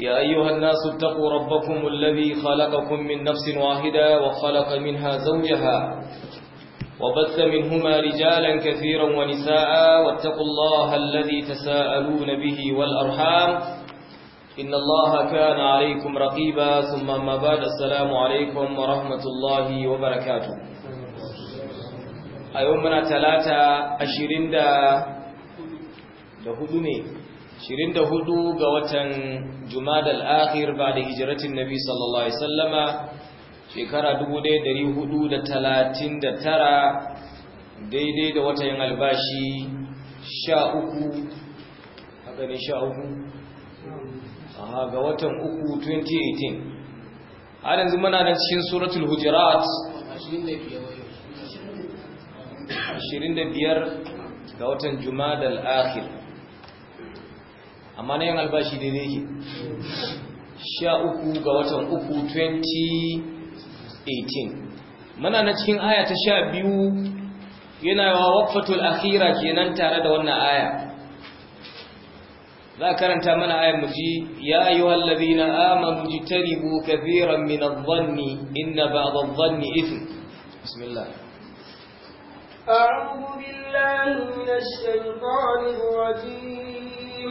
يا أيها الناس اتقوا ربكم الذي خلقكم من نفس واحدة وخلق منها زوجها وبث منهما رجالا كثيرا ونساء واتقوا الله الذي تساءلون به والأرحام إن الله كان عليكم رقيبا ثم ما بعد السلام عليكم ورحمة الله وبركاته أيومنا ثلاثة أشرين دا da 24 ga watan Jumadal Akhir ba da hijiratin Nabi sallallahu alaihi sallama, shekara 1439 daidai da watan albashi 13 haka ne 13 aha ga watan 3 2018 halin zuma na nan cikin suratul hujurat 25 ga watan Jumadal Akhir amma na yin albashi daidai yake sha uku ga watan uku 2018 muna na cikin aya ta sha biyu yana wa wakfatul akhira kenan tare da wannan aya za karanta mana ayar mu wallabi ya ayyuhal ladina ta ribu ka min mina zanni inna ba a zanni ithm bismillah أعوذ بالله من الشيطان الرجيم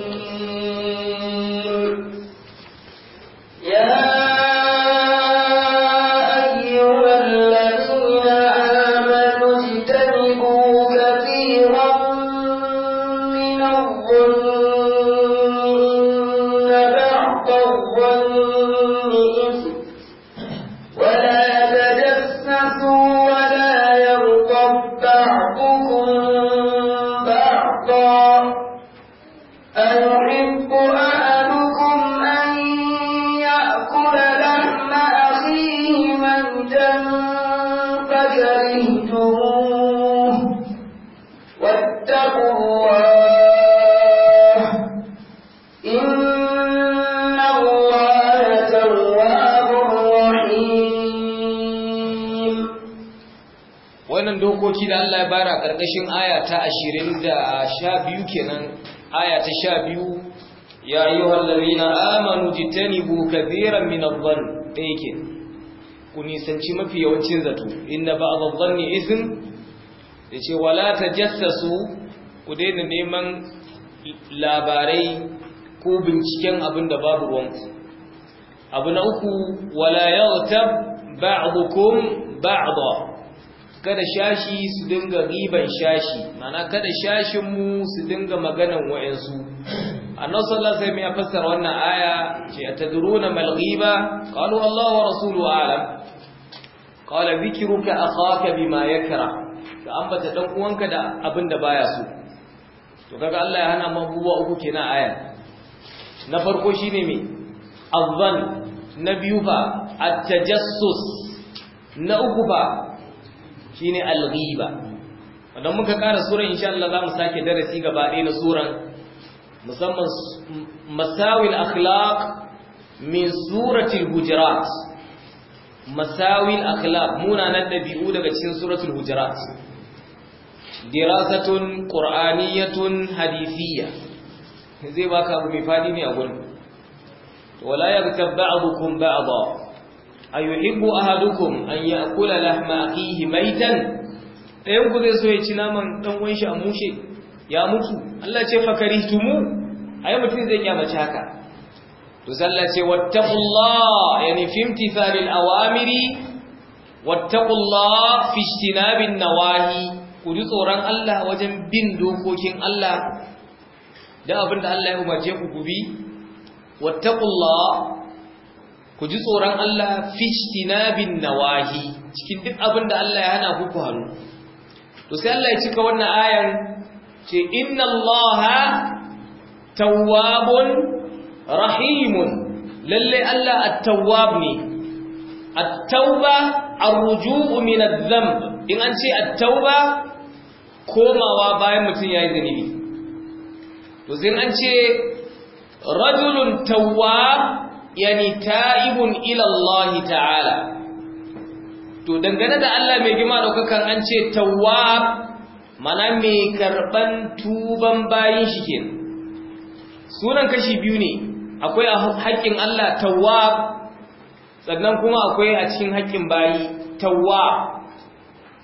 dokoki da Allah ya bara karkashin aya ta 20 da 12 kenan aya ta 12 ya ayyuhal ladina amanu jitanibu kathiran min adh-dhann dayake ku nisanci mafi yawancin zato inna ba'd adh-dhanni ithm yace wala tajassasu ku daina neman labarai ko binciken abin da babu ruwanku abu na uku wala yaghtab ba'dukum ba'da kada shashi su dinga riban shashi mana kada shashin mu su dinga maganan wayansu annabi sallallahu alaihi wasallam ya fassara wannan aya ce atadruna mal ghiba qalu Allah wa rasuluhu alam qala dhikruka akhaka bima yakra ka ambata dan uwanka da abinda baya so to kaga Allah ya hana mu abubuwa uku kenan aya na farko shine me azzan na biyu fa at-tajassus na uku fa shine al-ghiba idan muka ƙara sura insha Allah za mu sake darasi gaba ɗaya na suran musamman masawil akhlaq min suratul hujurat masawil akhlaq munanan dabi'u daga cikin suratul hujurat dirasatun qur'aniyatun hadithiyya zai baka abu mai fadi ne a gurin wala yaghtab ba'dukum ba'dha ayuhibbu ahadukum an ya'kula lahma akhihi maitan ɗayan ku zai so ya ci naman dan uwan shi a mushe ya mutu Allah ce fakarihtumu ai mutum zai kyamace haka to sallah ce wattaqullah yani fi awamiri wattaqullah fi ijtinabin nawahi ku ji tsoron Allah wajen bin dokokin Allah da abinda Allah ya umarce ku gubi wattaqullah ku ji tsoron Allah fishtinabin nawahi cikin duk abin da Allah ya hana ku ku haru to sai Allah ya cika wannan ayar ce inna Allah tawwabun rahimun lalle Allah at-tawwab ne at-tauba ar-ruju'u min adh-dhanb in an ce at-tauba komawa bayan mutum yayi zanibi to zin an ce rajulun tawwab yani ta'ibun ila Allah ta'ala to dangane da Allah mai gima daukakan an ce tawwab mana mai karban tuban bayin shi ke sunan kashi biyu ne akwai a haƙƙin Allah tawwab sannan kuma akwai a cikin haƙƙin bayi tawwab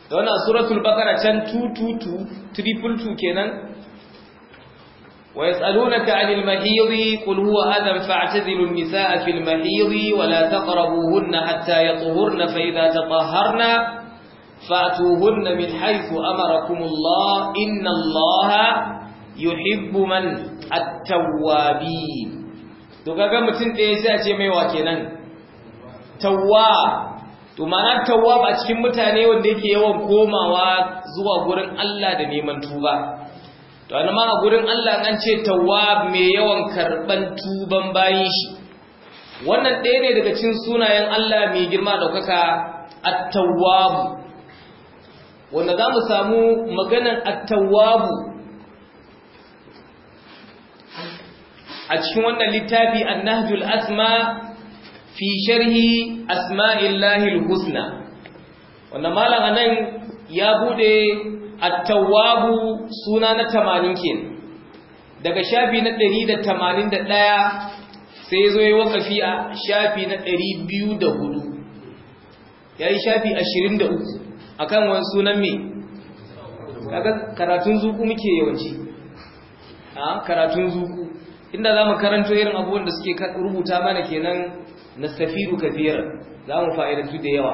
da wannan suratul baqara can 222 triple kenan ويسألونك عن المحيض قل هو أذى فاعتزلوا النساء في المحيض ولا تقربوهن حتى يطهرن فإذا تطهرن فأتوهن من حيث أمركم الله إن الله يحب من التوابين to kaga mutum ɗaya sai a ce mai wa kenan tawwa to ma'ana tawwa ba cikin mutane wanda yake yawan komawa zuwa gurin Allah da neman tuba to an ma gurin Allah an ce tawwab mai yawan karban tuban bayin shi wannan ɗaya ne daga cikin sunayen Allah mai girma daukaka at-tawwab wanda za mu samu maganar at-tawwab a cikin wannan littafi an-nahjul asma' fi sharhi asma'illahil husna wannan malama anan ya bude at-tawwabu suna na tamanin kenan daga shafi na ɗari da da tamanin ɗaya sai ya zo yi wakafi a shafi na ɗari biyu da hudu ya yi shafi ashirin da uku. A kan wani sunan me karatun zuku muke yawanci a karatun zuku inda za mu karanto irin abubuwan da suke rubuta mana kenan na kafiyar, za mu fa'idantu da yawa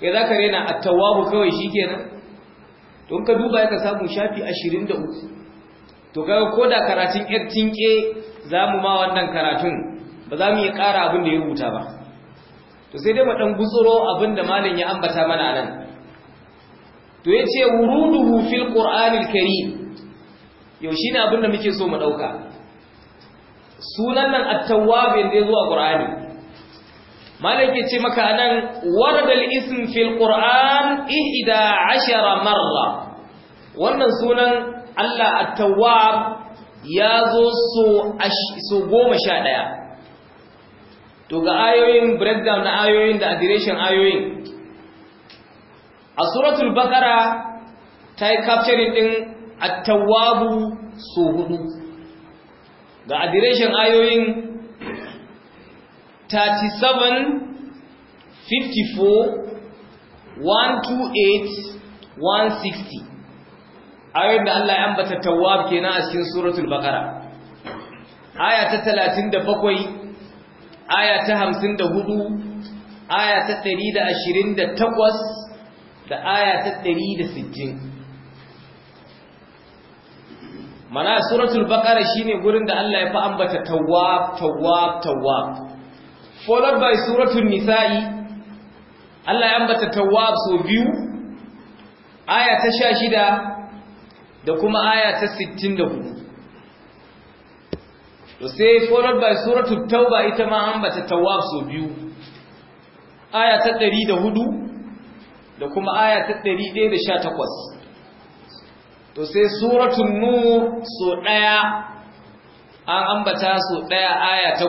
ya za ka rena a tawwabu kawai shi kenan? don ka duba ya ka samu shafi ashirin da uku, to kaga da karatun yar za mu ma wannan karatun ba za mu yi ƙara abin da ya rubuta ba to sai dai mu gutsuro abin da malam ya ambata mana nan, to ya ce wuruduhu fil ƙor'anil kari yau ne abin da muke so mu ɗauka? sunan nan at-tawwab ya yazo a ƙur'ani. malaki ce maka nan waradal ism fil qur'an 11 marra wannan sunan Allah at-tawwab ya zo goma sha 11 to ga ayoyin breakdown na ayoyin da adireshin ayoyin a suratul baqara ta yi capturing din at-tawwab su hudu ga adireshin ayoyin 37 54 128 160 ayoyin da Allah ya ambata ke kenan a cikin suratul bakara aya ta 37 aya ta 54 aya ta 128 da aya ta 160 mana suratul shi shine gurin da Allah ya fi ambata tawab tawab tawab followed by suratul nisa'i Allah ya ambata tawwab so biyu aya ta 16 da kuma aya ta 64 to sai followed by suratul tauba ita ma ambata tawwab so biyu aya ta 104 da kuma aya ta 118 to sai suratul nur so daya an ambata so daya aya ta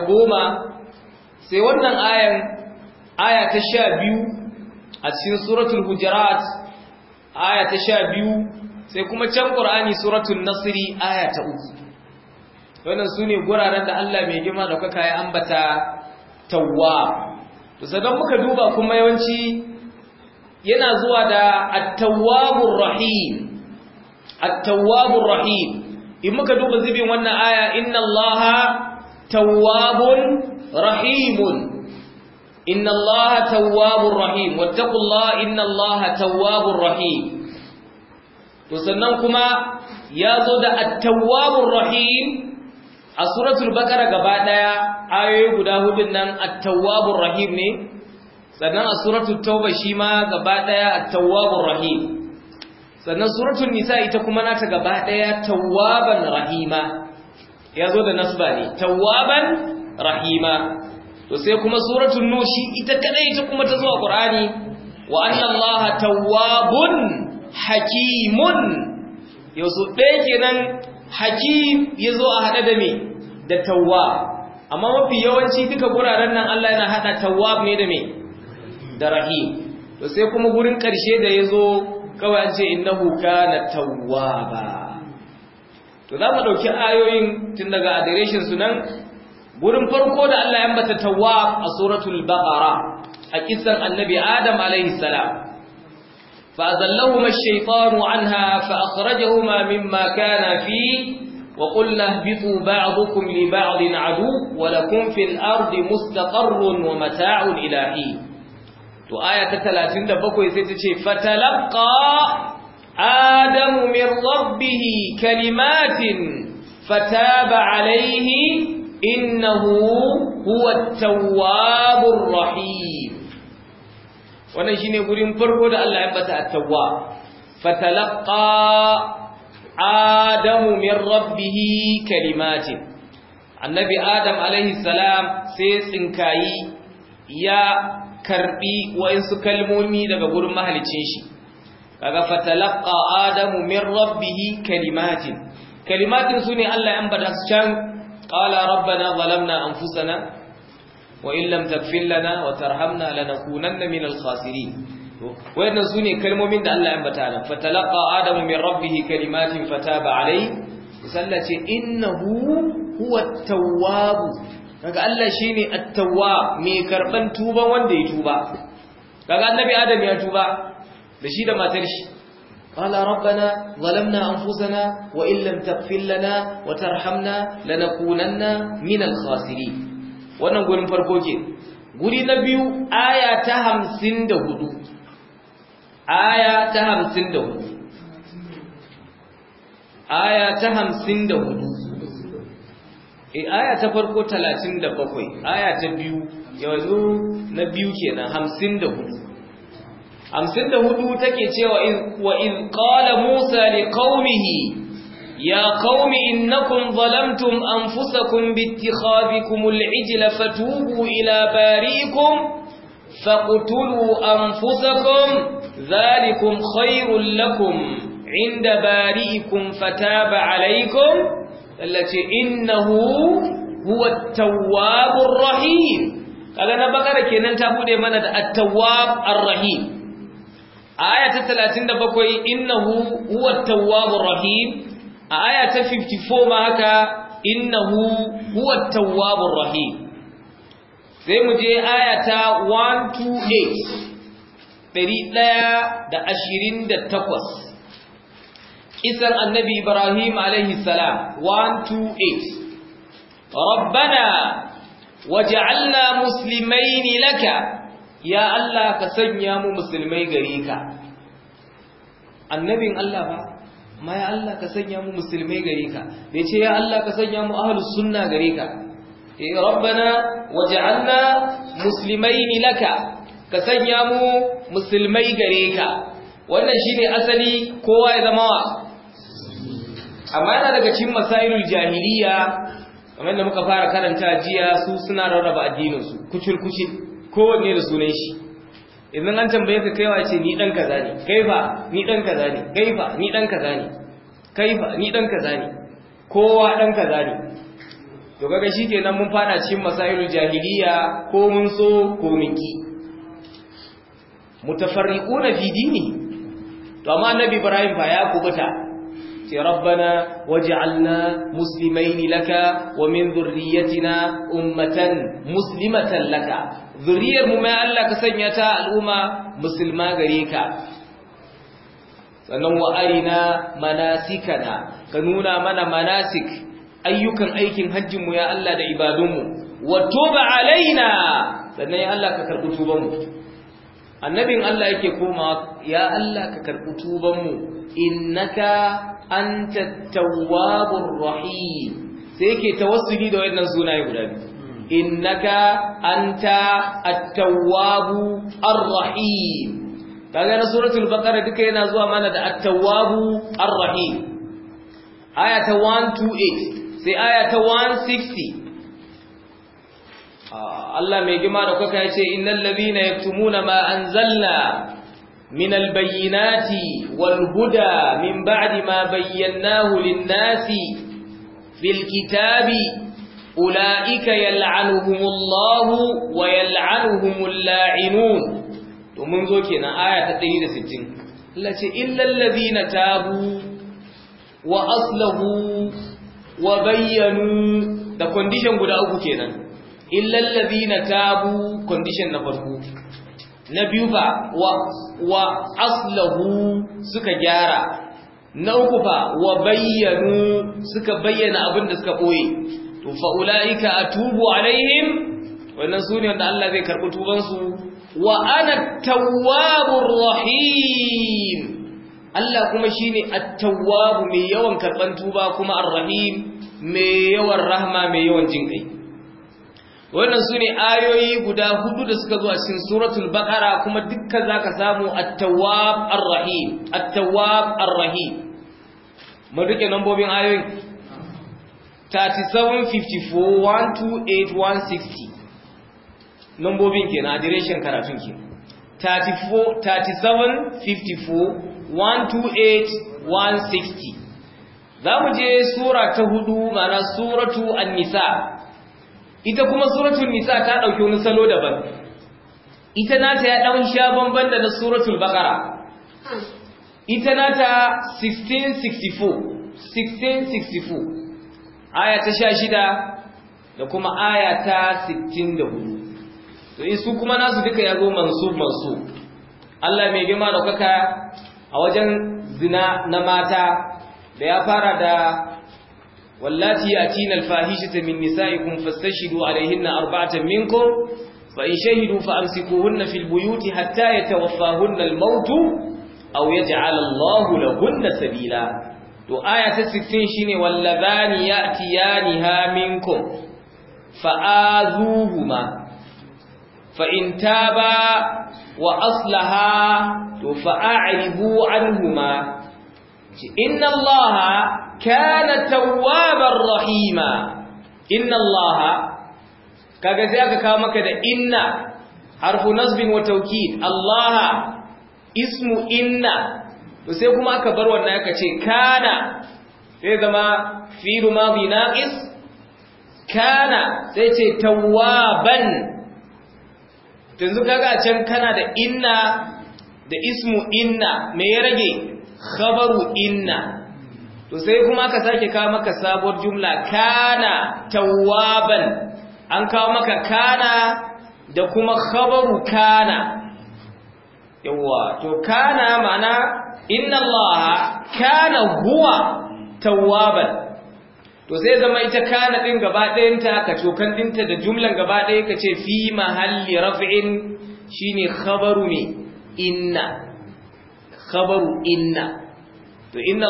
sai wannan ayan aya ta sha biyu a cikin suratul hujarat aya ta sha biyu sai kuma can ƙur'ani suratul nasiri aya ta uku wannan su ne guraren da allah mai girma kuka ya ambata tawwa to sadan muka duba kuma yawanci yana zuwa da at rahim rahim in muka duba zubin wannan aya inna allaha tawwabun rahimun inna allaha tawwabur rahim wattaqullaha inna allaha tawwabur rahim to sannan kuma ya zo da at-tawwabur rahim a suratul baqara gaba daya ayoyi guda hudun nan at-tawwabur rahim ne sannan a suratul tauba shi ma gaba daya at-tawwabur rahim sannan suratul nisa ita kuma nata gaba daya tawwaban rahima ya zo da nasba ne tawwaban rahima to sai kuma suratul nushi ita kadai ta kuma ta zuwa qur'ani wa anna allaha tawwabun hakimun yau so kenan hakim yazo a hada da me da tawwab amma mafi yawanci duka guraren nan Allah yana hada tawwab ne da me da rahim to sai kuma gurin karshe da yazo kawai an ce innahu kana tawwaba to za mu dauki ayoyin tun daga adireshin su nan gurin farko da Allah ya ambata tawwab a suratul baqara a kissan annabi adam alaihi salam fa azallahuma ash-shaytanu anha fa akhrajahuma mimma kana fi wa qulna ihbitu ba'dukum li ba'din adu wa lakum fil ardi mustaqarrun wa mata'un ilahi to aya ta 37 sai ta ce fatalaqa adamu min rabbihi kalimatin fataba alayhi innahu huwa tawwabur rahim wannan shine gurin farko da Allah ya bata at-tawwa fatalaqa adamu min rabbih kalimatin annabi adam alaihi salam sai tsinkayi ya karbi wayansu kalmomi daga gurin mahalicin shi kaga fatalaqa adamu min rabbih kalimatin kalimatin sune Allah ya ambata su can qala rabbana zalamna anfusana wa in lam taghfir lana wa tarhamna lanakunanna minal khasirin wayannan sune kalmomin da Allah ya ambata nan fatalaqa adamu min rabbih kalimatin fataba alayhi sallace innahu huwa at-tawwab kaga Allah shine at-tawwab mai karban tuba wanda ya tuba kaga annabi adam ya tuba dashi da matar قال ربنا ظلمنا أنفسنا وإن لم تغفر لنا وترحمنا لنكونن من الخاسرين wannan gurin farko ke guri na biyu aya ta hamsin da hudu aya ta hamsin da hudu aya ta hamsin da hudu aya ta farko talatin da bakwai aya ta biyu yanzu na biyu kenan hamsin da hudu hamsin da hudu take cewa wa in qala musa li qaumihi ya qaumi innakum zalamtum anfusakum biittikhadikum al-ijla fatubu ila bariikum فاقتلوا أنفسكم ذلكم خير لكم عند بارئكم فتاب عليكم التي إنه هو التواب الرحيم kaga na bakara kenan ta bude mana da at-tawwab ar-rahim aya ta 37 innahu huwa tawwabur rahim a aya ta 54 ma haka innahu huwa tawwabur rahim sai mu je aya ta 128 takwas. kisan annabi Ibrahim alaihi salam 128 ربنا وجعلنا مسلمين لك ya Allah ka sanya mu musulmai gare ka annabin Allah ba ma ya Allah ka sanya mu musulmai gare ka da ce ya Allah ka sanya mu ahlus sunna gare ka ya eh, rabbana waj'alna muslimain laka ka sanya mu musulmai gare ka wannan shine asali kowa ya zama wa amma yana daga cikin masailul jahiliya kamar da muka fara karanta jiya su suna rarraba addininsu kucul kucul kowanne da sunan shi idan an tambaye ka kaiwa ce ni dan kaza ne kaifa ni dan kaza ne kaifa ni dan kaza ne kaifa ni dan kaza ne kowa dan kaza ne to kaga shikenan mun fada cikin masailu jahiliya ko mun so ko mun ki mutafarriquna fi dini to amma annabi ibrahim fa ya kubuta ce rabbana waj'alna muslimaini laka wa min dhurriyyatina ummatan muslimatan laka zuriyar mu mai Allah ka sanya ta al'umma musulma gare ka sannan wa arina manasikana ka nuna mana manasik ayyukan aikin hajjin mu ya Allah da ibadunmu Wato ba alaina sannan ya Allah ka karbi tubanmu annabin Allah yake koma ya Allah ka karɓi tubanmu innaka anta tawwabur rahim sai yake tawassuli da wayannan sunaye guda biyu innaka anta at-tawwabu ar-rahim kaga na suratul baqara duka yana zuwa mana da at-tawwabu ar-rahim aya ta 128 sai aya ta 160 Allah mai gima da kuka ya ce innal ya tumuna ma anzalna min albayyinati wal huda min ba'adi ma bayyanahu lin-nasi fil kitabi ulaika yal'anuhumullahu wa yal'anuhumul la'inun to mun zo kenan aya ta sittin. Allah ce illal ladina tabu wa aslahu wa bayyanu da condition guda uku kenan lallabi na tabu kondishin na farko na biyu ba wa aslahu suka gyara na uku fa wa bayyanu suka bayyana abin da suka ɓoye. to fa ulaika tubu alaihim wannan ne wanda Allah zai karɓi tubansu wa ana tawwabur rahim Allah kuma shine at-tawwab mai yawan karɓar tuba kuma a rahim mai yawan rahma mai yawan jinkai wannan su ne ayoyi guda hudu da suka zo a cikin suratul baqara kuma dukkan zaka samu at-tawwab ar-rahim at-tawwab ar-rahim mun rike nambobin ayoyin 3754 128 160 nambobin kenan adireshin karatun ke 34 3754 128 160 za mu je sura ta hudu mana suratu an-nisa ita kuma suratul nisa ta dauki wani salo daban ita nata ya dan sha banban da suratul baqara ita nata 1664 1664 aya ta 16 da kuma aya ta 64 to su kuma nasu duka yazo mansub mansub Allah mai girma da kaka a wajen zina na mata da ya fara da wallati yatina alfahishata min nisaikum fastashhidu alayhinna arba'atan minkum fa in shahidu fa amsikuhunna fil buyuti hatta yatawaffahunna almaut aw yaj'al na lahunna sabila to aya ta 16 shine wallazani yatiyaniha minkum fa'azuhuma fa in taba wa aslaha to fa'aribu anhuma inna allaha kana tawwabar rahima inna allaha kaga sai aka kawo maka da inna harfu nasbin wa taukid allaha ismu inna to sai kuma aka bar wannan aka ce kana sai zama fi'lu madhi naqis kana sai ce tawwaban yanzu kaga a can kana da inna da ismu inna me ya rage khabaru inna to sai kuma aka sake kawo maka sabuwar jumla kana tawwaban an kawo maka kana da kuma khabaru kana yawa to kana ma'ana inna allaha kana huwa tawwaban to sai zama ita kana din gaba ɗayanta ka cokan ɗinta da jumlan gaba ɗaya ce fi mahalli raf'in shine khabaru ne inna khabaru inna to inna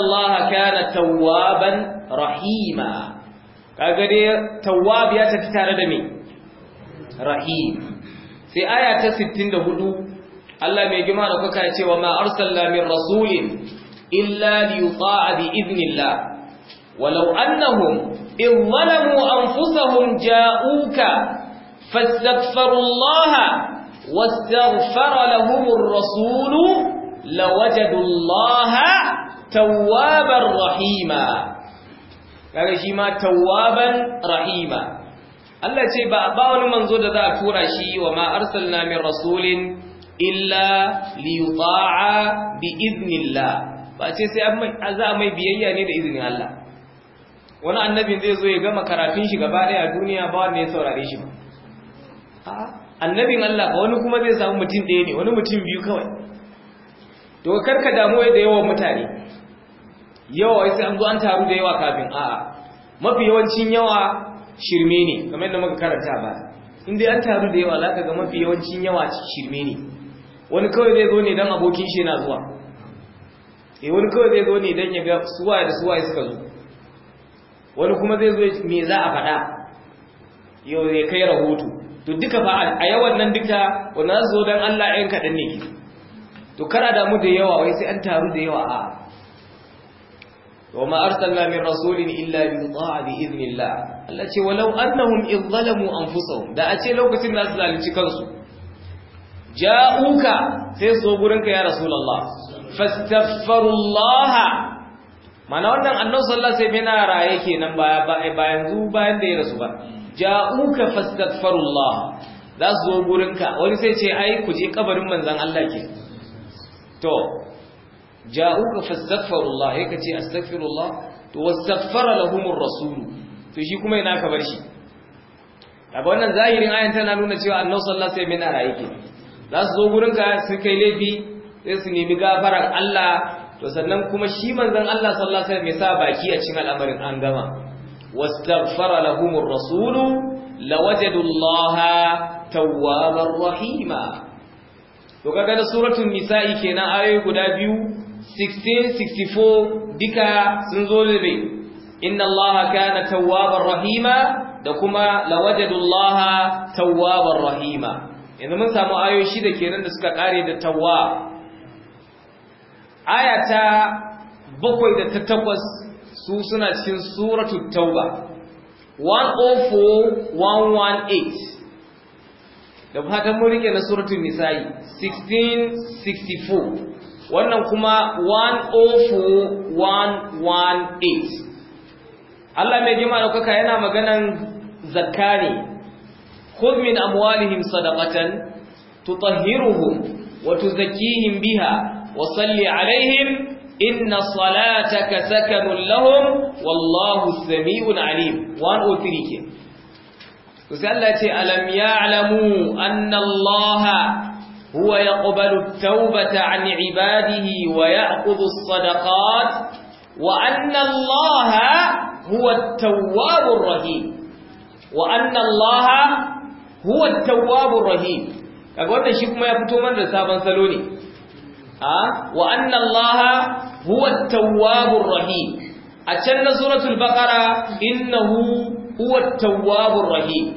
kana tawwaban rahima kaga dai tawwab ya tafi tare da me rahim sai aya ta 64 Allah mai girma da kuka ce wa ma arsalna min rasulin illa liyuta'a bi idnillah walau annahum in zalamu anfusahum ja'uka fastaghfirullaha wastaghfara lahumur rasulu lawajadullaha tawwaban rahima kaga shi ma tawwaban rahima Allah ce ba ba wani manzo da za a tura shi wa ma arsalna min rasulin illa liyuta'a bi idnillah ba ce sai an za mai biyayya ne da iznin Allah wani annabi zai zo ya gama karatun shi gaba ɗaya a duniya ba wanda ya saurare shi ba annabin Allah ba wani kuma zai samu mutum ɗaya ne wani mutum biyu kawai to karka damu da yawan mutane yawa wai sai an zo an taru da yawa kafin a'a mafi yawancin yawa shirme ne kamar yadda muka karanta ba in dai an taru da yawa zaka ga mafi yawancin yawa shirme ne wani kawai zai zo ne dan abokin shi yana zuwa eh wani kawai zai zo ne dan ya ga suwa da suwa suka zo wani kuma zai zo me za a faɗa yau ya kai rahoto to duka fa a yawan nan duka wannan zo dan Allah ɗan kaɗan ne to kar damu da yawa wai sai an taru da yawa a وما أرسلنا من illa إلا بطاعة بإذن الله Allah ce walau annahum idh zalamu anfusahum da a ce lokacin da su zalunci kansu ja'uka sai so gurinka ya rasulullah fastaghfirullah mana wannan annabi sallallahu alaihi wasallam yana raye kenan baya bayan zu bayan da ya rasu ba ja'uka fastaghfirullah za su zo ka. wani sai ce ai ku je kabarin manzon Allah kenan to ja'uka fastaghfirullah sai kace astaghfirullah to wastaghfara lahumur rasul to shi kuma ina ka bar shi daga wannan zahirin ayan tana nuna cewa annabi sallallahu alaihi wasallam yana za su zo gurin ka su kai laifi sai su nemi gafaran Allah to sannan kuma shi manzon Allah sallallahu alaihi wasallam ya sa baki a cikin al'amarin an gama wastaghfara lahumur rasul lawajadu Allah tawwabar rahima to kaga da suratul nisa'i kenan ayoyi guda biyu 16 64 duka sun zo da bai inna allaha kana tawwabar rahima da kuma lawajadullaha tawwabar rahima yanzu mun samu ayoyi shida kenan da suka kare da tawwa ayata bakwai da ta takwas su suna cikin suratul tauba 104 118 da fatan mun rike na suratul nisa'i 1664 wannan kuma 104118 Allah mai jima da kuka yana maganan zakka ne khudh min amwalihim sadaqatan tutahhiruhum wa tuzakkihim biha wa salli alaihim inna salataka sakanun lahum wallahu samiun alim 103 ke to sai Allah ce alam ya'lamu anna Allah huwa yaqbalu at-taubata 'an 'ibadihi wa ya'khudhu as-sadaqat wa anna Allah huwa at-tawwabur rahim wa anna Allah huwa at-tawwabur rahim kaga wannan shi kuma ya fito mana da sabon salo ne a wa anna Allah huwa at-tawwabur rahim a can na suratul baqara innahu huwa at-tawwabur rahim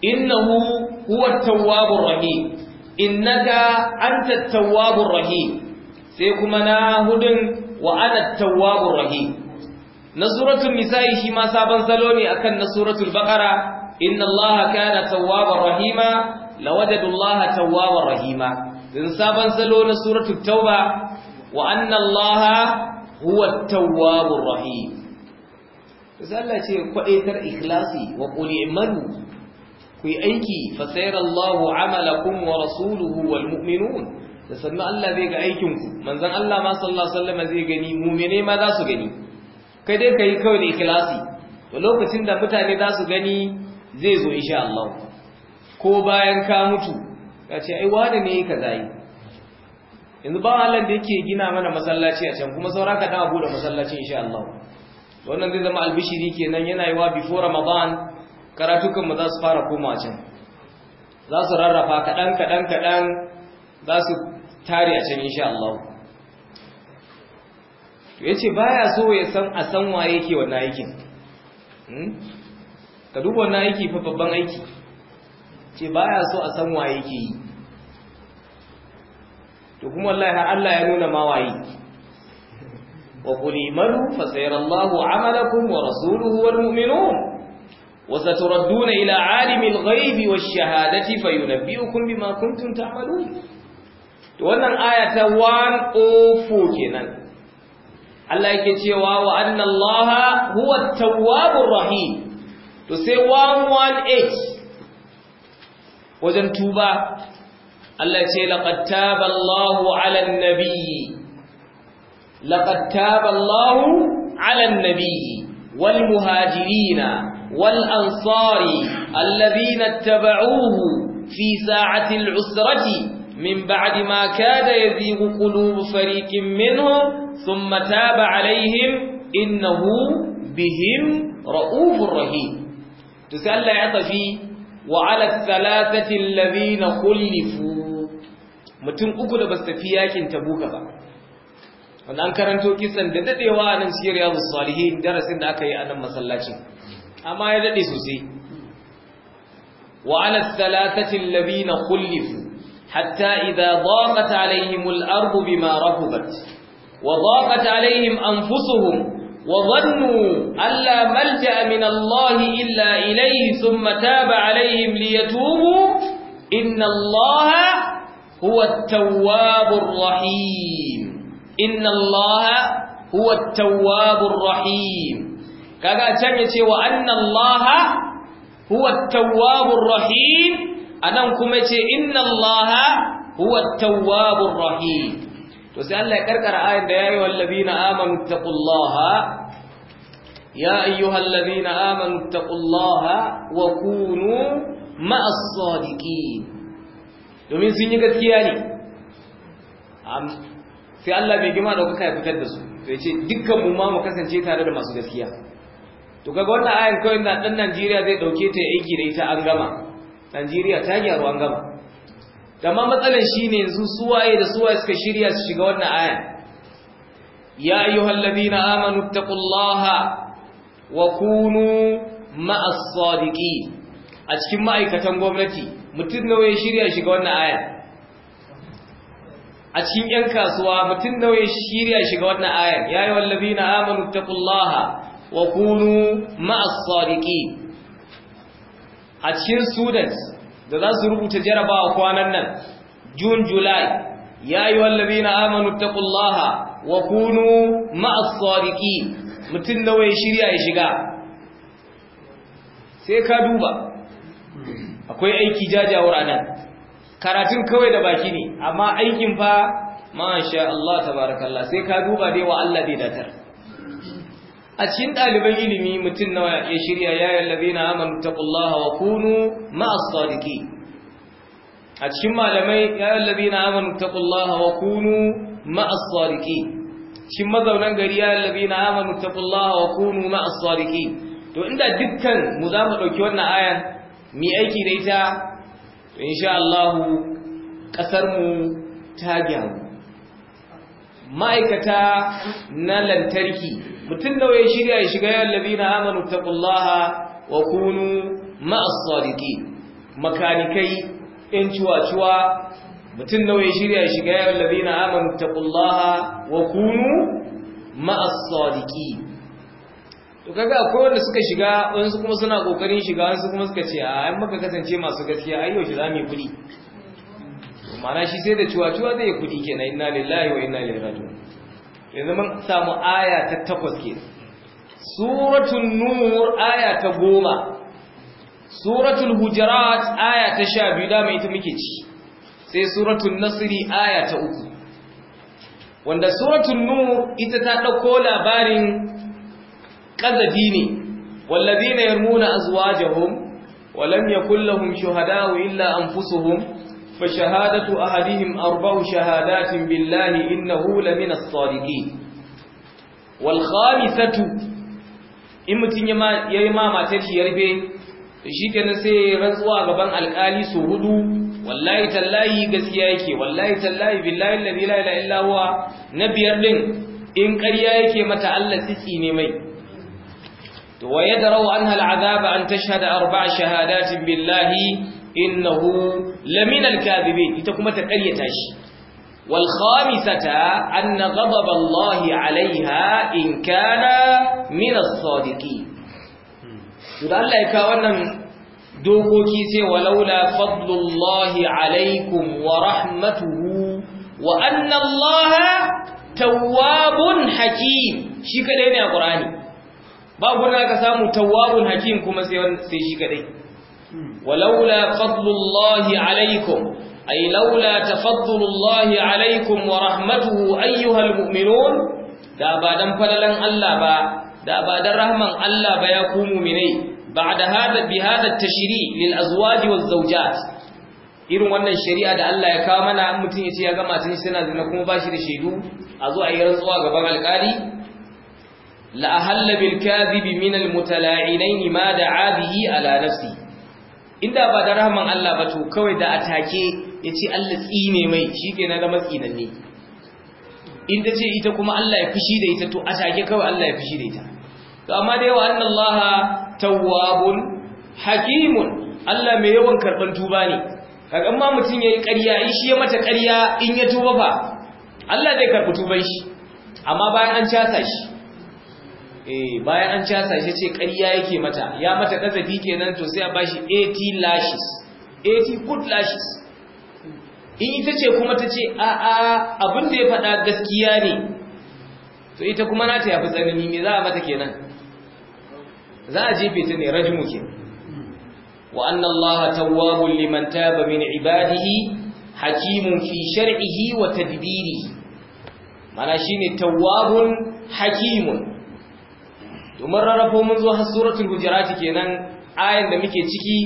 innahu huwa at-tawwabur rahim innaka anta at-tawwabur rahim sai kuma na hudun wa ana at-tawwabur rahim na suratul nisa'i shi ma sabon salo ne akan na suratul baqara inna allaha kana tawwabar rahima lawajadu allaha tawwabar rahima din sabon salo na suratul tauba wa anna allaha huwa tawwabur rahim Allah ce kwaɗaitar ikhlasi wa ƙulimanu ku yi aiki fasayarallahu amalakum wa rasuluhu wal mu'minun da sannu Allah zai ga aikinku manzan Allah ma sallallahu sallama zai gani mumine ma za su gani kai dai ka yi kawai da ikhlasi da lokacin da mutane za su gani zai zo insha Allah ko bayan ka mutu ka ce ai wani ne ka zai yanzu ba Allah da yake gina mana masallaci a can kuma saura ka dan buɗe da masallaci insha Allah wannan zai zama albishiri kenan yana yiwa before ramadan karatukan mu za su fara koma can za su rarrafa kaɗan kaɗan kaɗan za su tare a can insha Allah to yace baya so ya san a san waye yake wannan aikin hmm? ka duba wannan aiki fa babban aiki ce baya so a san waye yake yi to kuma wallahi har Allah ya nuna ma waye وقل اعملوا فسيرى الله عملكم ورسوله والمؤمنون وستردون إلى عالم الغيب والشهادة فينبئكم بما كنتم تعملون wannan aya ta 104 kenan Allah yake cewa wa anna Allah huwa at-tawwabur rahim to sai 118 wajen tuba Allah ce laqad taba Allahu 'alan nabiyyi laqad taba Allahu 'ala an-nabiy wal muhajirin wal ansari alladhina ittaba'uhu fi sa'ati al-'usrati من بعد ما كاد يزيغ قلوب فريق منهم ثم تاب عليهم إنه بهم رؤوف رحيم تسأل عطفي وعلى الثلاثة الذين خلفوا متن أكل بس في ياكن تبوك بقى wanda an karanto kisan da dadewa a nan cikin riyadus salihin darasin da aka yi a nan masallacin amma ya dade sosai wa ala thalathati alladhina kullif, hatta idha daqat alaihim al-ard bima rahabat wa daqat alaihim anfusuhum wa dhannu alla malja'a min Allah illa ilayhi thumma taba alaihim liyatubu inna Allah huwa at-tawwabur rahim إن الله هو التواب الرحيم كذا تمشي وأن الله هو التواب الرحيم أنا كمشي إن الله هو التواب الرحيم وسأل الله كركر آية يا أيها الذين آمنوا اتقوا الله يا أيها الذين آمنوا اتقوا الله وكونوا مع الصادقين يومين سنجد كياني sai Allah mai gima kuka ya fitar da su to ya dukkan mu ma mu kasance tare da masu gaskiya to kaga wannan ayan kawai na ɗan Najeriya zai ɗauke ta ya aiki da ita an gama Najeriya ta gyaru an gama amma matsalar shine yanzu su waye da su waye suka shirya su shiga wannan aya ya ayyuhal ladina amanu taqullaha wa kunu ma'as sadiqin a cikin ma'aikatan gwamnati mutum nawa ya shirya shiga wannan aya a cikin ‘yan kasuwa mutum da nauyin shirya shiga wannan ayar ya yi wallafi na ta kullaha wa kunu ma'asariki a cikin students da za su rubuta jarabawa kwanan nan june july ya yi wallafi na ta kullaha wa kunu ma'asariki mutum da nauyin shirya ya shiga sai ka duba akwai aiki jajawar a nan karatun kawai da baki ne amma aikin fa masha Allah tabarakallah sai ka duba dai wa Allah dai datar a cikin ɗaliban ilimi mutum nawa ya shirya ya yallabina amanu taqullaha wa kunu ma'as sadiqi a cikin malamai ya yallabina amanu taqullaha wa kunu ma'as sadiqi cikin mazaunan gari ya yallabina amanu taqullaha wa kunu ma'as sadiqi to inda dukkan mu za mu dauki wannan aya, mi aiki da ita In insha Allah kasar ta gyaru ma'aikata na lantarki mutum da ya shirya ya shiga yawan labina amanu taqullaha wa kunu ma'as makanikai in cuwa-cuwa mutum da ya shirya ya shiga yawan labina amanu taqullaha wa kunu ma'as to kaga akwai wanda suka shiga wasu kuma suna kokarin shiga wasu kuma suka ce a an maka kasance masu gaskiya ai yau shi za mu kudi mana shi sai da cuwa-cuwa zai kudi kenan inna lillahi wa inna ilaihi raji'un yanzu mun samu aya ta takwas ke suratul nur aya ta goma suratul hujurat aya ta sha biyu da mai ita muke ci sai suratul nasri aya ta uku wanda suratul nur ita ta ɗauko labarin kazafi ne wallazi na yarmuna azwajahum walam yakul lahum shuhada'u illa anfusuhum fa shahadatu ahadihim arba'u shahadatin billahi innahu lamin as-sadiqin wal khamisatu in mutun yayi ma yayi ma mace shi yarbe shikenan sai rantsuwa gaban alkali su hudu wallahi tallahi gaskiya yake wallahi tallahi billahi la ilaha illa huwa nabiyyin in ƙarya yake mata Allah tsitsi ne mai da wa yadrau anha al'azab an tashhada arba'a shahadatin billahi innahu laminal kadhibin ita kuma ta karyata shi wal khamisata anna ghadab Allah 'alayha in kana min as-sadiqin to Allah ya kawo wannan dokoki sai walaula fadlullahi alaikum wa rahmatuhu wa anna allaha tawwabun shi kadai ne a qur'ani ba gurin aka samu tawwabun hakim kuma sai shi kadai walaula fadlullahi alaikum ay laula tafaddulullahi alaikum wa rahmatuhu ayyuhal mu'minun da ba dan falalan Allah ba da ba dan rahman Allah ba ya ku mu'minai ba'da hada bi hada tashri lil azwaj waz zawjat irin wannan shari'a da Allah ya kawo mana mutum yace ya ga matan shi suna zina kuma ba shi da shaidu a zo a yi rantsuwa gaban alƙali la ahalla bil kadhibi min al mutala'inaini ma da'a bihi ala nafsi inda ba da rahman Allah ba to kawai da atake yace Allah tsine mai shikenan da matsinanne in ta ce ita kuma Allah ya fishi da ita to atake kawai Allah ya fishi da ita to amma da yawa annallaha tawwabun hakimun Allah mai yawan karban tuba ne kaga amma mutun yayi ƙarya in shi ya mata ƙarya in ya tuba fa Allah zai karbi tuban shi amma bayan an casa shi eh bayan an casa shi ce ƙarya yake mata ya mata kazafi kenan to sai a bashi 80 lashes 80 good lashes in ita ce kuma ta ce a a abin da ya faɗa gaskiya ne to ita kuma na ta yafi tsanani me za a mata kenan za a jefe ta ne rajmu ke wa anna allaha tawwabun liman taba min ibadihi hakimun fi shar'ihi wa tadbirihi mana shine tawwabun hakimun domin rarrafo mun zo har suratul hujurat kenan ayan da muke ciki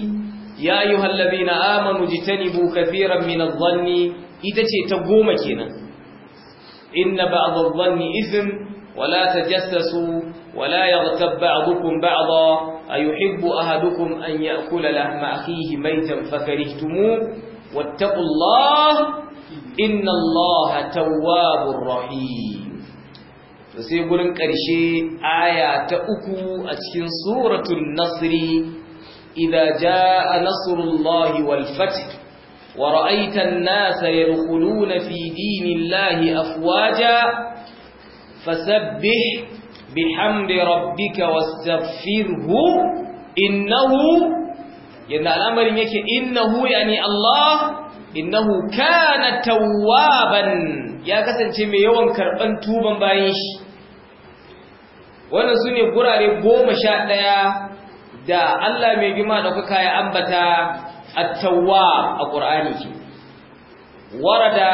ya ayyuhal ladina amanu jitanibu kathiran min adh-dhanni ita ce ta goma kenan inna ba'd adh-dhanni ithm wala tajassasu wala yaghtab ba'dukum ba'dha ayuhibbu ahadukum an ya'kula lahma akhihi maytan fakarihtumuhu wattaqullaha inna allaha tawwabur rahim to sai gurin ƙarshe aya ta uku a cikin suratun nasri idza jaa nasrullahi wal fath wa ra'aita an-nasa yadkhuluna fi dinillahi afwaja fasabbih bihamdi rabbika wastaghfirhu innahu yanda al'amarin yake innahu yani Allah innahu kana tawwaban ya kasance mai yawan karɓan tuban bayan shi wannan su ne gurare goma sha ɗaya da Allah mai gima da kuka ya ambata a tawa a ƙur'ani ke warada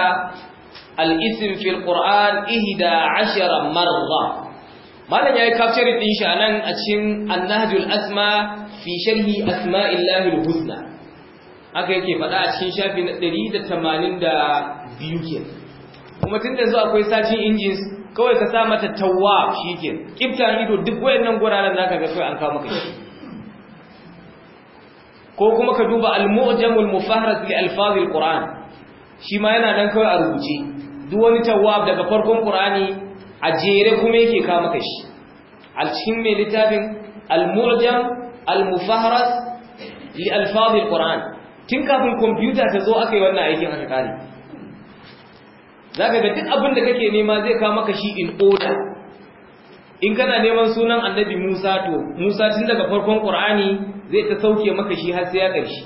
al'isin fil ƙur'an ihida ashirar marwa malam ya yi kafcari ɗin shi a nan a cikin annahajul asma fi sharhi asma'illahil husna aka yake faɗa a cikin shafi na 182 kenan. kuma tun da yanzu akwai sacin injins kawai ka sa mata tawwa shike kiftan ido duk wayannan guraren zaka ga kai an kama maka shi ko kuma ka duba al-mu'jamul mufahras li alfazil qur'an shi ma yana nan kawai a rubuce duk wani tawwab daga farkon qur'ani a jere kuma yake kama maka shi cikin mai littafin al-mu'jam al-mufahras li alfazil qur'an tun kafin kwamfuta ta zo aka yi wannan aikin aka za ka ga duk abin da kake nema zai kawo maka shi in order in kana neman sunan annabi musa to musa tun daga farkon ƙur'ani zai ta sauke maka shi har sai ya ƙarshe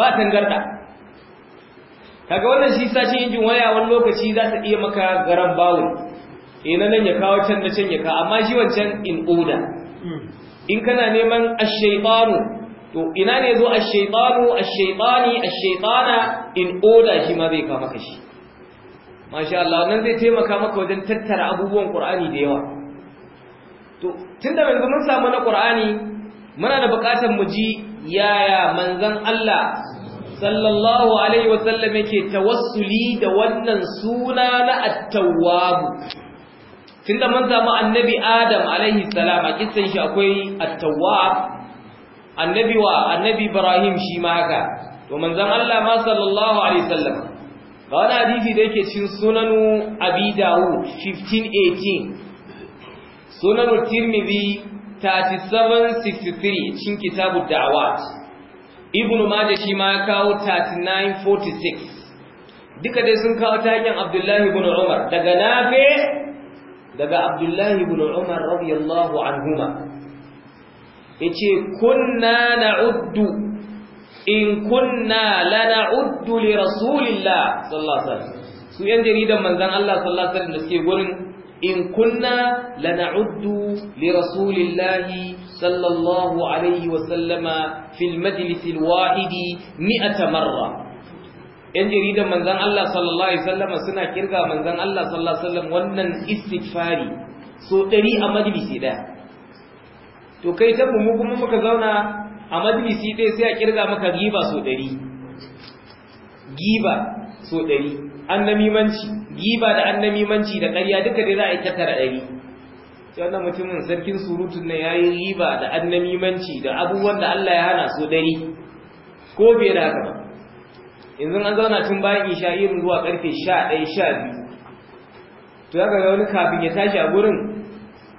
ba tangarda kaga wannan shi sashin injin waya wani lokaci za ta iya maka garan bawul eh, na nan ya kawo can da can ya kawo amma shi wancan in order in kana neman ash-shaytanu to ina ne zo ash-shaytanu ash-shaytani ash-shaytana in order shi ma zai kawo maka shi masha Allah nan zai taimaka maka wajen tattara abubuwan Qur'ani da yawa to tun da mun samu na Qur'ani muna da buƙatar mu ji yaya manzon Allah sallallahu alaihi wasallam yake tawassuli da wannan suna na at Tun da mun samu annabi Adam alaihi salam a kissan shi akwai at-tawwab annabi wa annabi Ibrahim shi ma haka to manzon Allah ma sallallahu alaihi wasallam ga wani hadisi da yake cin sunanu abi 1518 sunanu tirmidhi 3763 cin kitabu da'awat ibnu majah shi ma ya kawo 3946 duka dai sun kawo takin abdullahi ibn umar daga nafe daga abdullahi ibn umar radiyallahu anhuma yace kunna na'uddu in kunna lana uddu li rasulillah sallallahu alaihi wasallam su yan jaridan manzon Allah sallallahu alaihi wasallam da suke gurin in kunna lana uddu li rasulillah sallallahu alaihi wasallama fil majlis alwahidi 100 marra yan jaridan manzon Allah sallallahu alaihi wasallama suna kirga manzon Allah sallallahu alaihi wasallam wannan istighfari so 100 a majalisi daya to kai ta mu kuma muka zauna a majalisi ɗaya sai a kirga maka giba so ɗari giba so ɗari annamimanci giba da annamimanci da ƙarya duka dai za a yi tattara ɗari sai wannan mutumin sarkin surutun na ya yi riba da annamimanci da abubuwan da Allah ya hana so ɗari ko bai da haka yanzu an zauna tun bayan isha irin zuwa ƙarfe sha ɗaya sha biyu to ya ga wani kafin ya tashi a gurin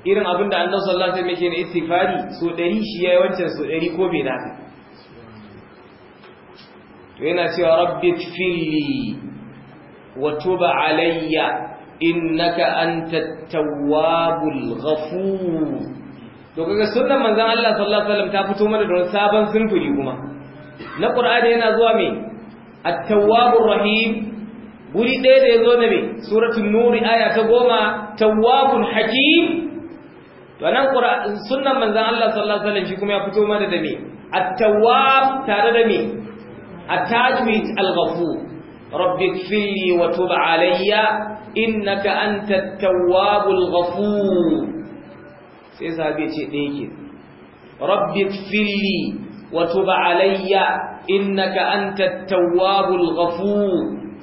irin abin da annabi sallallahu alaihi wasallam yake ne istighfari so dari shi yayi wancan so dari ko bai na? to yana cewa rabbi tfilli wa tub alayya innaka antat tawwabul ghafur to kaga sunnan manzon Allah sallallahu alaihi wasallam ta fito mana da sabon sinfuri kuma na qur'ani yana zuwa me at-tawwabur rahim guri ɗaya da ya zo na mai suratun nuri aya ta goma tawwabun hakim to nan sunnan manzon Allah sallallahu alaihi wasallam shi kuma ya fito mana da me at-tawwab tare da me at-tajwid al-ghafur rabbi ighfirli wa tub alayya innaka antat tawwabul ghafur sai sahabi ce ɗaya ke rabbi ighfirli wa tub alayya innaka antat tawwabul ghafur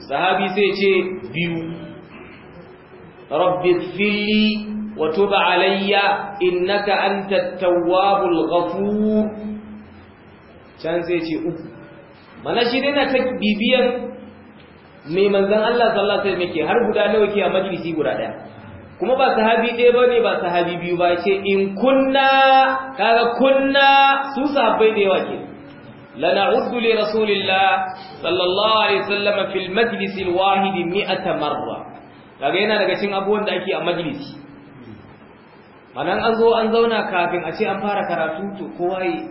sahabi sai ce biyu rabbi ighfirli وتب علي إنك أنت التواب الغفور كان سيتي أكو mana shi dai na ta bibiyan mai manzan Allah sallallahu alaihi wasallam ke har guda nawa ke a majalisi guda daya kuma ba sahabi ɗaya bane ba sahabi biyu ba ce in kunna kaga kunna su sahabbai da yawa ke لنعد لرسول الله صلى الله عليه وسلم في المجلس الواحد 100 مرة kaga yana daga cikin abubuwan da ake a majalisi anan an zo an zauna kafin a ce an fara karatu to kowa yi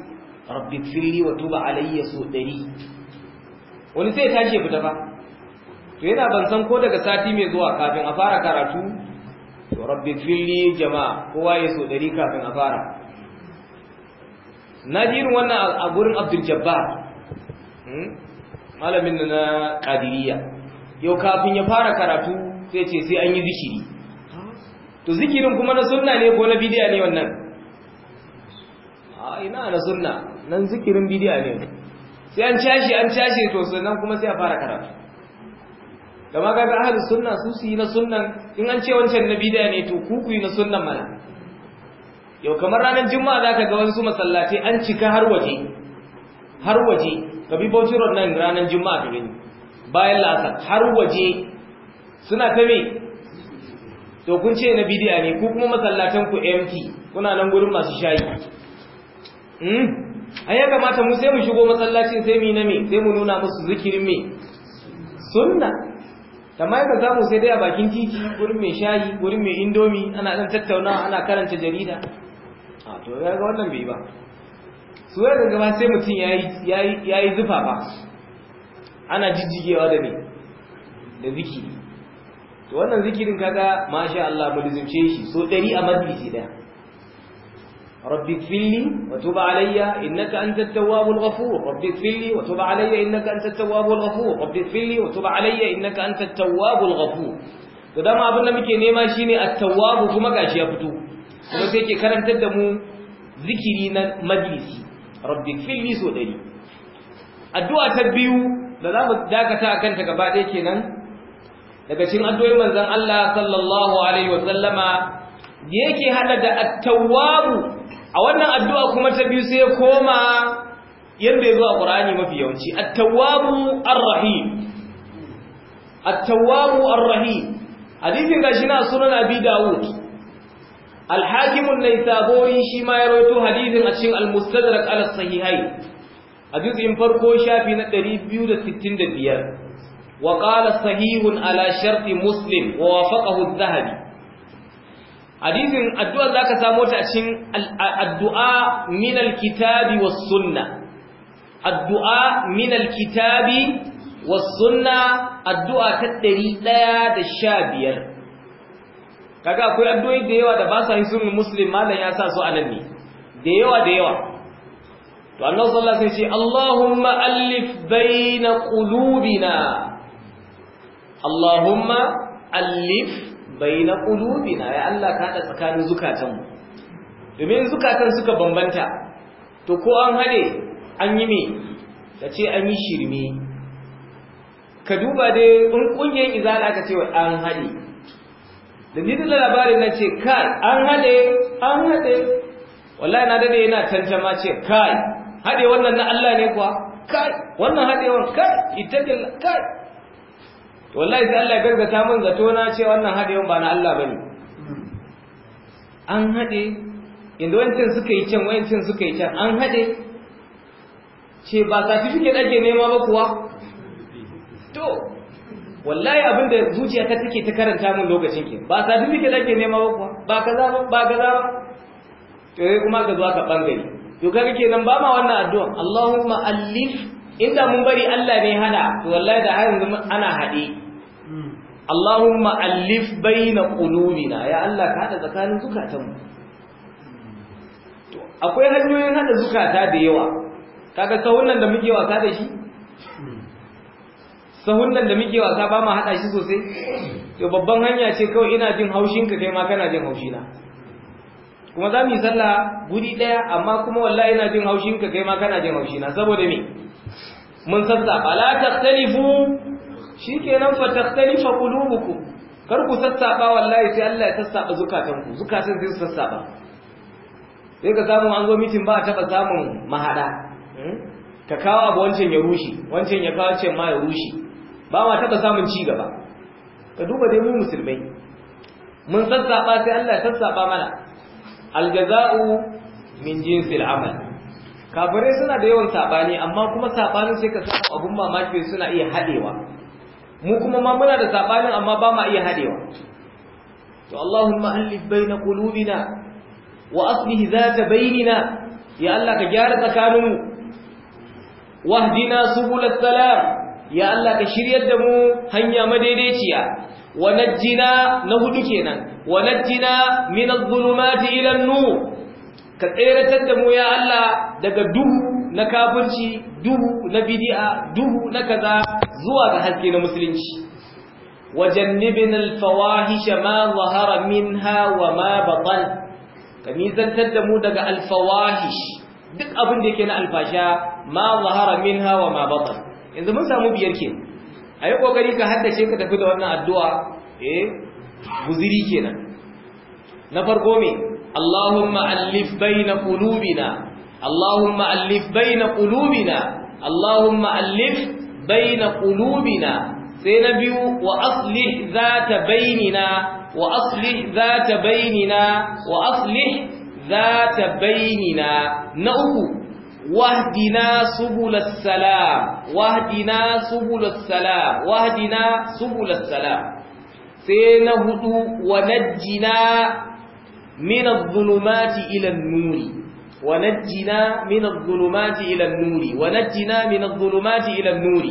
rabbi firli wa tuba alayya so dari wani sai tashi ya fita ba to yana ban san ko daga sati mai zuwa kafin a fara karatu to rabbi firli jama'a kowa ya so dari kafin a fara na ji irin wannan a gurin abdul jabbar hmm? malamin na qadiriyya yau kafin ya fara karatu sai ce sai an yi zikiri to zikirin kuma na sunna ne ko na bidiya ne wannan a ina na sunna nan zikirin bidiya ne sai an cashe an cashe to sannan kuma sai a fara karatu kamar ga ahlus sunna su su yi na sunnan in an ce wancan na bidiya ne to ku ku yi na sunnan mana yau kamar ranar juma'a zaka ga wasu masallaci an cika har waje har waje ka bi bauchi road nan ranar juma'a ka gani bayan la'asar har waje suna ta me to kun ce na bidiya ne ku kuma masallatan ku empty kuna nan gurin masu shayi hmm ai ya kamata mu sai mu shigo masallacin sai mu na sai mu nuna musu zikirin me sunna amma da zamu sai dai a bakin titi gurin mai shayi gurin mai indomi ana dan tattaunawa ana karanta jarida a to ya ga wannan bai ba su ya gaba sai mutum yayi yayi zufa ba ana jijjigewa da ne da zikiri to wannan zikirin kaga masha Allah mulzimce shi so dari a majlisi daya rabbi filli wa tub alayya innaka antat tawwabul ghafur rabbi filli wa tub alayya innaka antat tawwabul ghafur rabbi filli wa tub alayya innaka antat tawwabul ghafur to dama abin da muke nema shine at-tawwab kuma gashi ya fito kuma sai ke karantar da mu zikiri na majlisi rabbi filli so dari. addu'a ta biyu da za mu dakata akan ta gaba ɗaya kenan daga cikin addu'o'in manzon Allah sallallahu alaihi wasallama da yake hada da at-tawwabu a wannan addu'a kuma ta biyu sai koma yanda yazo a Qur'ani mafi yawanci at-tawwabu ar-rahim at-tawwabu ar-rahim hadisin gashi na sunan Abi Dawud al-Hakim an-Naisaburi shi ma ya rawaito hadisin a cikin al-Mustadrak ala sahihai hadisin farko shafi na 265 وقال صحيح على شرط مسلم ووافقه الذهبي حديث الدعاء ذاك ساموت أشين الدعاء من الكتاب والسنة الدعاء من الكتاب والسنة الدعاء تدري لا الشابير kaga akwai addu'o'i da yawa da ba sa hisun muslim malam ya sa su anan ne da yawa da yawa to Allah sallallahu alaihi wasallam sai Allahumma allif baina qulubina Allahumma allif baina qulubina ya Allah ka hada tsakanin zukatanmu domin zukatan suka bambanta to ko an hade an yi me kace an yi shirme ka duba dai in izala ka ce an hade da ni da labarin na ce kai an hade an hade wallahi na dade yana tantama ce kai hade wannan na Allah ne kuwa kai wannan hadewan kai ittaqil kai wallahi sai Allah ya gargata min zato na ce wannan haɗewan ba na Allah bane an haɗe inda wancan suka yi can wancan suka yi can an haɗe ce ba certificate dake nema ba kuwa to wallahi abinda zuciya ta take ta karanta min lokacin ki ba certificate dake nema ba kuwa ba kaza ba ba kaza ba to kuma ka zo aka bangare to kaga kenan ba ma wannan addu'a Allahumma alif inda mun bari Allah ne hada to wallahi da yanzu ana hade Allahumma allif baina qulubina ya Allah ka hada tsakanin zukatanmu to akwai hanyoyin hada zukata da yawa kaga sahunnan da muke wasa da shi sahunnan da muke wasa ba mu hada shi sosai to babban hanya ce kawai ina jin haushin ka kai ma kana jin haushina kuma za mu yi sallah guri daya amma kuma wallahi ina jin haushin ka kai ma kana jin haushina saboda me mun sassafa la takhtalifu shikenan fa takhtalifa qulubukum kar ku sassafa wallahi sai Allah ya zukatan ku. zukatan zai su sai ka samu an zo mitin ba a ba samun mahada hmm? ka kawo abu wancan ya rushe wancan ya kawo cewa ma ya rushe ba ma ba samun ci gaba ka duba dai mu musulmai mun sassafa sai Allah ya sassafa mana aljaza'u min jinsil amal kafirai suna da yawan saɓani amma kuma sabanin sai ka samu abun mamaki suna iya haɗewa mu kuma ma muna da saɓanin amma ba ma iya haɗewa to Allahumma allif baina qulubina wa aslih zata bainina ya Allah ka gyara mu, wahdina subulas salam ya Allah ka shiryar da mu hanya madaidaiciya wa najjina na hudu kenan wa najjina min adh-dhulumati ila an-nur ka tseratar da mu ya Allah daga duhu na kafirci duhu na bid'a duhu na kaza zuwa ga haske na musulunci Wajen alfawahisha ma zahara minha wa ma batan ka nisantar da mu daga alfawahish duk abin da yake na alfasha ma zahara minha wa ma batan yanzu mun samu biyar ke ayi kokari ka haddace ka tafi da wannan addu'a eh guziri kenan na farko me اللهم ألف بين قلوبنا اللهم ألف بين قلوبنا اللهم ألف بين قلوبنا سينبي وأصلح ذات بيننا وأصلح ذات بيننا وأصلح ذات بيننا نأكو واهدنا سبل السلام واهدنا سبل السلام واهدنا سبل السلام سينهدو ونجنا من الظلمات إلى النور ونجنا من الظلمات إلى النور ونجنا من الظلمات إلى النور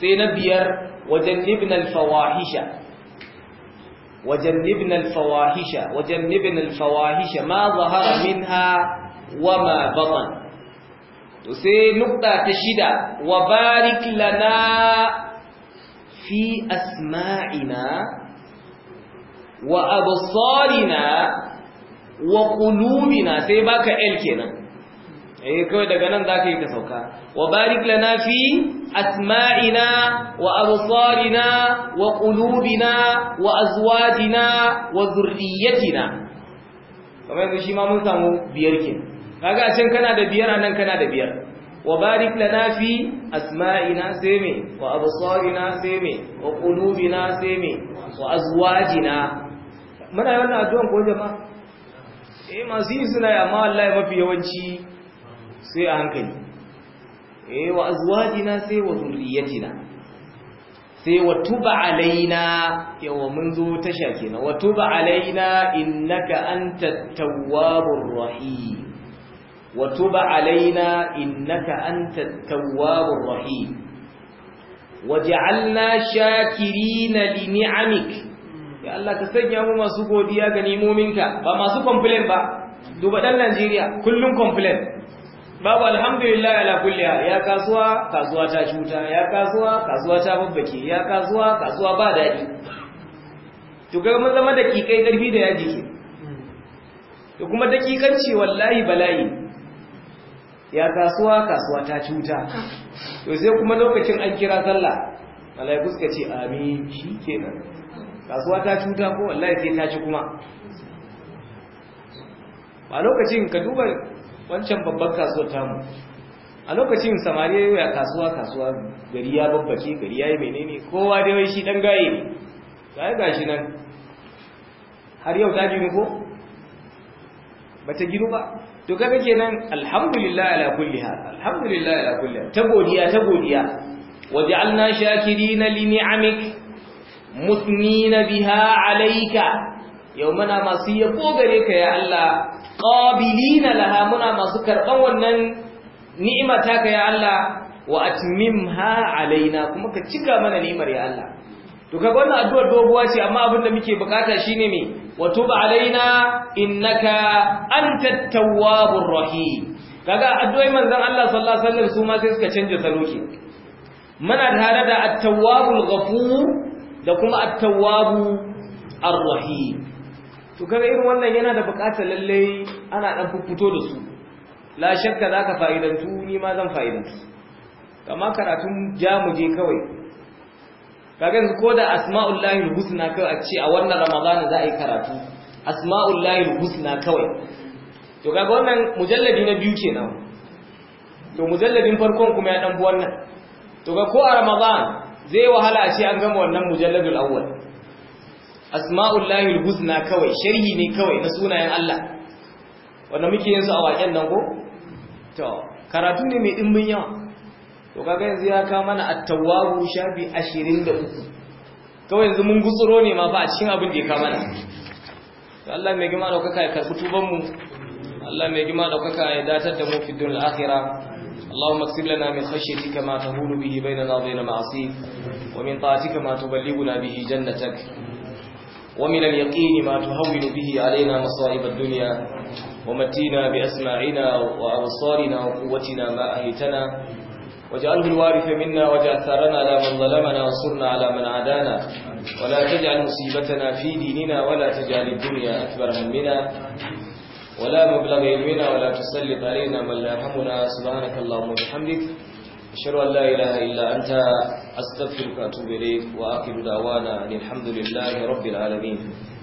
سينبير وجنبنا الفواحش وجنبنا الفواحش وجنبنا الفواحش ما ظهر منها وما بطن وسي نقطة تشدة وبارك لنا في أسماعنا وأبصارنا wa kulubina sai baka el kenan eh kawai daga nan zaka yi ka sauka wa barik lana fi asma'ina wa absarina wa qulubina wa azwajina wa dhurriyyatina kamar shi ma mun samu biyar ke kaga a can kana da biyar anan kana da biyar wa barik lana fi asma'ina sai me wa absarina sai me wa qulubina sai me wa azwajina muna yi wannan addu'an ko jama'a eh masu yi suna yi amma wallahi mafi yawanci sai a hankali eh wa azwajina sai wa zurriyatina sai wa tuba alaina yawa mun zo tasha kenan wa tuba alaina innaka antat tawwabur rahim wa tuba alaina innaka antat tawwabur rahim waj'alna shakirina li ni'amik ya Allah ka sanya mu masu godiya ga nimominka ba masu complain ba duba dan Najeriya kullum complain babu alhamdulillah ala kulli ya kasuwa kasuwa ta cuta ya kasuwa kasuwa ta babbake ya kasuwa kasuwa ba dadi to ga mun zama kai karfi da yaji ke to kuma dakikanci wallahi bala'i ya kasuwa kasuwa ta cuta to sai kuma lokacin an kira sallah malaiku suka ce amin shikenan kasuwa ta cuta ko wallahi sai ta ci kuma a lokacin ka duba wancan babban kasuwar tamu a lokacin samari yayi ya kasuwa kasuwa gari ya babbace gari yayi menene kowa da wai shi dan gaye ne sai gashi nan har yau ta ginu ko bata ginu ba to kaga kenan alhamdulillah ala kulli hal alhamdulillah ala kulli hal ta godiya ta godiya waj'alna shakirin li ni'amik musnina biha alayka yau muna masu yabo gare ka ya Allah qabilina laha muna masu karban wannan ni'ima ta ka ya Allah wa atmimha alaina kuma ka cika mana ni'imar ya Allah to kaga wannan addu'ar doguwa ce amma abin da muke bukata shine me wa tub alaina innaka antat tawwabur rahim kaga addu'ai manzon Allah sallallahu alaihi wasallam su ma sai suka canja saloki muna tare da at-tawwabul ghafur da kuma attawabu tawwabu ar-rahim to kaga irin wannan yana da buƙatar lalle ana dan fito da su la shakka zaka fa'idantu ni ma zan fa'idantu Kamar karatun jamuje kawai kaga yanzu ko da asma'ul lahi husna kawai a ce a wannan ramadana za a yi karatu asma'ul lahi husna kawai to kaga wannan mujalladi na biyu kenan to mujalladin farkon kuma ya dan bi wannan to ga ko a ramadana zai wahala a ce an gama wannan mujalladul awwal asma'ullahi husna kawai sharhi ne kawai na sunayen Allah wanda muke yin su a waken nan ko to karatu ne mai dimbin yawa to kaga yanzu ya ka mana at-tawwabu shafi 23 kawai yanzu mun gutsuro ne ma ba a cikin abin da ya ka mana to Allah mai gima daukaka ya karbi tuban mu Allah mai gima daukaka ya datar da mu fi dunyal akhirah اللهم اكسب لنا من خشيتك ما تهول به بيننا وبين معصيك ومن طاعتك ما تبلغنا به جنتك ومن اليقين ما تهون به علينا مصائب الدنيا ومتينا بأسماعنا وأبصارنا وقوتنا ما أهيتنا واجعله الوارث منا واجعل ثارنا على من ظلمنا وانصرنا على من عادانا ولا تجعل مصيبتنا في ديننا ولا تجعل الدنيا أكبر همنا ولا مبلغ علمنا ولا تسلط علينا من لا يرحمنا سبحانك اللهم وبحمدك أشهد أن لا إله إلا أنت أستغفرك وأتوب إليك وآخر دعوانا أن الحمد لله رب العالمين